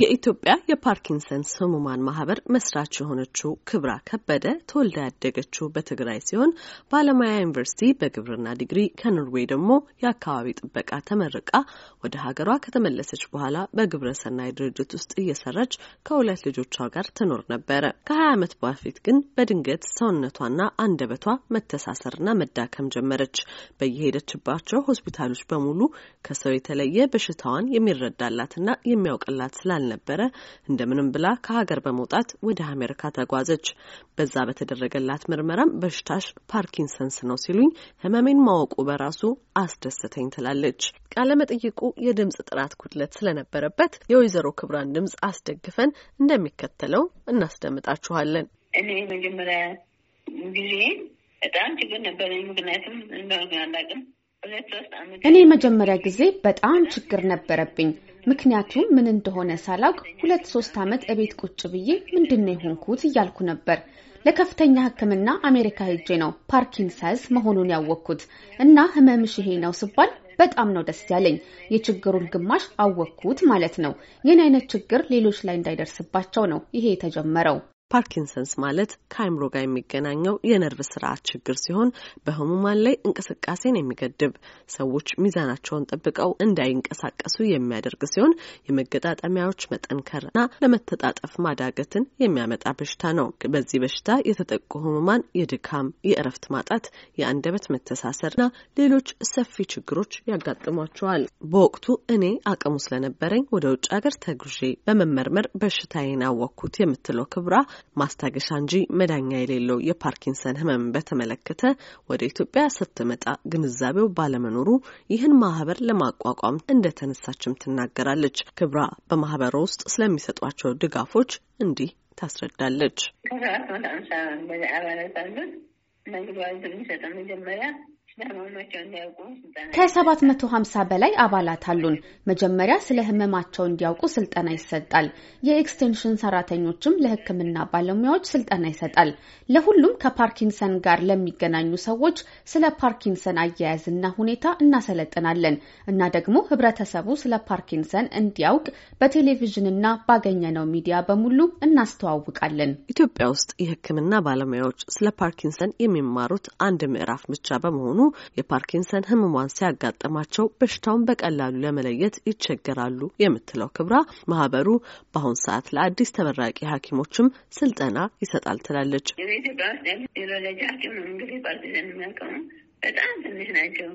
የኢትዮጵያ የፓርኪንሰንስ ህሙማን ማህበር መስራች የሆነችው ክብራ ከበደ ተወልዳ ያደገችው በትግራይ ሲሆን በአለማያ ዩኒቨርሲቲ በግብርና ዲግሪ ከኖርዌይ ደግሞ የአካባቢ ጥበቃ ተመርቃ ወደ ሀገሯ ከተመለሰች በኋላ በግብረሰናይ ድርጅት ውስጥ እየሰራች ከሁለት ልጆቿ ጋር ትኖር ነበረ። ከሀያ ዓመት በፊት ግን በድንገት ሰውነቷና አንደበቷ መተሳሰርና መዳከም ጀመረች። በየሄደችባቸው ሆስፒታሎች በሙሉ ከሰው የተለየ በሽታዋን የሚረዳላትና የሚያውቅላት ስላለ ስላልነበረ እንደምንም ብላ ከሀገር በመውጣት ወደ አሜሪካ ተጓዘች። በዛ በተደረገላት ምርመራም በሽታሽ ፓርኪንሰንስ ነው ሲሉኝ ህመሜን ማወቁ በራሱ አስደሰተኝ ትላለች። ቃለመጠይቁ የድምጽ ጥራት ጉድለት ስለነበረበት የወይዘሮ ክብራን ድምጽ አስደግፈን እንደሚከተለው እናስደምጣችኋለን። እኔ መጀመሪያ ጊዜ በጣም ችግር ነበረኝ። ምክንያቱም እንደሆነ አላውቅም። እኔ መጀመሪያ ጊዜ በጣም ችግር ነበረብኝ። ምክንያቱም ምን እንደሆነ ሳላውቅ ሁለት ሶስት ዓመት እቤት ቁጭ ብዬ ምንድነው የሆንኩት እያልኩ ነበር። ለከፍተኛ ሕክምና አሜሪካ ሄጄ ነው ፓርኪንሰንስ መሆኑን ያወቅኩት እና ህመምሽ ይሄ ነው ስባል በጣም ነው ደስ ያለኝ። የችግሩን ግማሽ አወቅኩት ማለት ነው። ይህን አይነት ችግር ሌሎች ላይ እንዳይደርስባቸው ነው ይሄ የተጀመረው። ፓርኪንሰንስ ማለት ከአይምሮ ጋር የሚገናኘው የነርቭ ስርዓት ችግር ሲሆን በህሙማን ላይ እንቅስቃሴን የሚገድብ ሰዎች ሚዛናቸውን ጠብቀው እንዳይንቀሳቀሱ የሚያደርግ ሲሆን የመገጣጠሚያዎች መጠንከርና ለመተጣጠፍ ማዳገትን የሚያመጣ በሽታ ነው። በዚህ በሽታ የተጠቁ ህሙማን የድካም፣ የእረፍት ማጣት፣ የአንደበት መተሳሰርና ሌሎች ሰፊ ችግሮች ያጋጥሟቸዋል። በወቅቱ እኔ አቅሙ ስለነበረኝ ወደ ውጭ ሀገር ተጉዤ በመመርመር በሽታዬን አወቅኩት የምትለው ክብራ ማስታገሻ እንጂ መዳኛ የሌለው የፓርኪንሰን ህመም በተመለከተ ወደ ኢትዮጵያ ስትመጣ ግንዛቤው ባለመኖሩ ይህን ማህበር ለማቋቋም እንደተነሳችም ትናገራለች። ክብራ በማህበር ውስጥ ስለሚሰጧቸው ድጋፎች እንዲህ ታስረዳለች። ከሰባት መቶ ሀምሳ በላይ አባላት አሉን። መጀመሪያ ስለ ህመማቸው እንዲያውቁ ስልጠና ይሰጣል። የኤክስቴንሽን ሰራተኞችም ለህክምና ባለሙያዎች ስልጠና ይሰጣል። ለሁሉም ከፓርኪንሰን ጋር ለሚገናኙ ሰዎች ስለ ፓርኪንሰን አያያዝና ሁኔታ እናሰለጥናለን እና ደግሞ ህብረተሰቡ ስለ ፓርኪንሰን እንዲያውቅ በቴሌቪዥንና ባገኘነው ሚዲያ በሙሉ እናስተዋውቃለን። ኢትዮጵያ ውስጥ የህክምና ባለሙያዎች ስለ ፓርኪንሰን የሚማሩት አንድ ምዕራፍ ብቻ በመሆኑ የፓርኪንሰን ህምሟን ሲያጋጥማቸው በሽታውን በቀላሉ ለመለየት ይቸገራሉ የምትለው ክብራ ማህበሩ በአሁን ሰዓት ለአዲስ ተመራቂ ሐኪሞችም ስልጠና ይሰጣል ትላለች። በጣም ትንሽ ናቸው።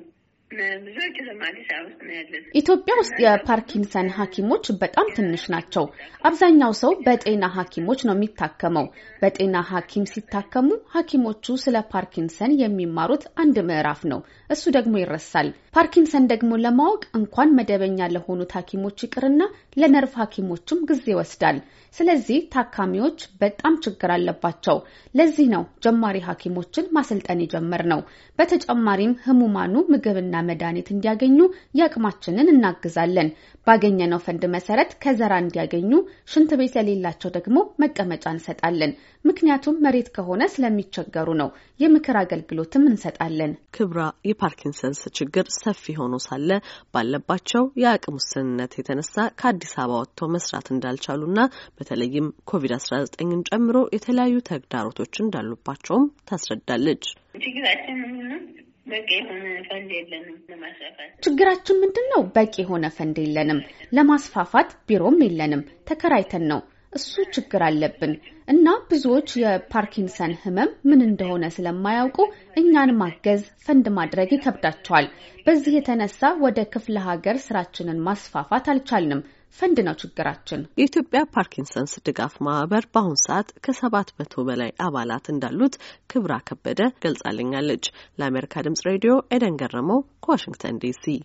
አዲስ አበባ ውስጥ ነው ያለን። ኢትዮጵያ ውስጥ የፓርኪንሰን ሐኪሞች በጣም ትንሽ ናቸው። አብዛኛው ሰው በጤና ሐኪሞች ነው የሚታከመው። በጤና ሐኪም ሲታከሙ ሐኪሞቹ ስለ ፓርኪንሰን የሚማሩት አንድ ምዕራፍ ነው። እሱ ደግሞ ይረሳል። ፓርኪንሰን ደግሞ ለማወቅ እንኳን መደበኛ ለሆኑት ሐኪሞች ይቅርና ለነርቭ ሐኪሞችም ጊዜ ይወስዳል። ስለዚህ ታካሚዎች በጣም ችግር አለባቸው። ለዚህ ነው ጀማሪ ሐኪሞችን ማሰልጠን የጀመር ነው። በተጨማሪም ህሙማኑ ምግብና መድኃኒት እንዲያገኙ የአቅማችንን እናግዛለን። ባገኘነው ፈንድ መሰረት ከዘራ እንዲያገኙ፣ ሽንት ቤት የሌላቸው ደግሞ መቀመጫ እንሰጣለን። ምክንያቱም መሬት ከሆነ ስለሚቸገሩ ነው። የምክር አገልግሎትም እንሰጣለን። ክብራ የፓርኪንሰንስ ችግር ሰፊ ሆኖ ሳለ ባለባቸው የአቅም ውስንነት የተነሳ ከአዲስ አበባ ወጥቶ መስራት እንዳልቻሉና በተለይም ኮቪድ-19ን ጨምሮ የተለያዩ ተግዳሮቶች እንዳሉባቸውም ታስረዳለች። ችግራችን በቂ የሆነ ፈንድ የለንም ለማስፋፋት። ችግራችን ምንድን ነው? በቂ የሆነ ፈንድ የለንም ለማስፋፋት፣ ቢሮም የለንም ተከራይተን ነው። እሱ ችግር አለብን እና ብዙዎች የፓርኪንሰን ህመም ምን እንደሆነ ስለማያውቁ እኛን ማገዝ ፈንድ ማድረግ ይከብዳቸዋል። በዚህ የተነሳ ወደ ክፍለ ሀገር ስራችንን ማስፋፋት አልቻልንም። ፈንድ ነው ችግራችን። የኢትዮጵያ ፓርኪንሰንስ ድጋፍ ማህበር በአሁኑ ሰዓት ከሰባት መቶ በላይ አባላት እንዳሉት ክብራ ከበደ ገልጻልኛለች። ለአሜሪካ ድምጽ ሬዲዮ ኤደን ገረመው ከዋሽንግተን ዲሲ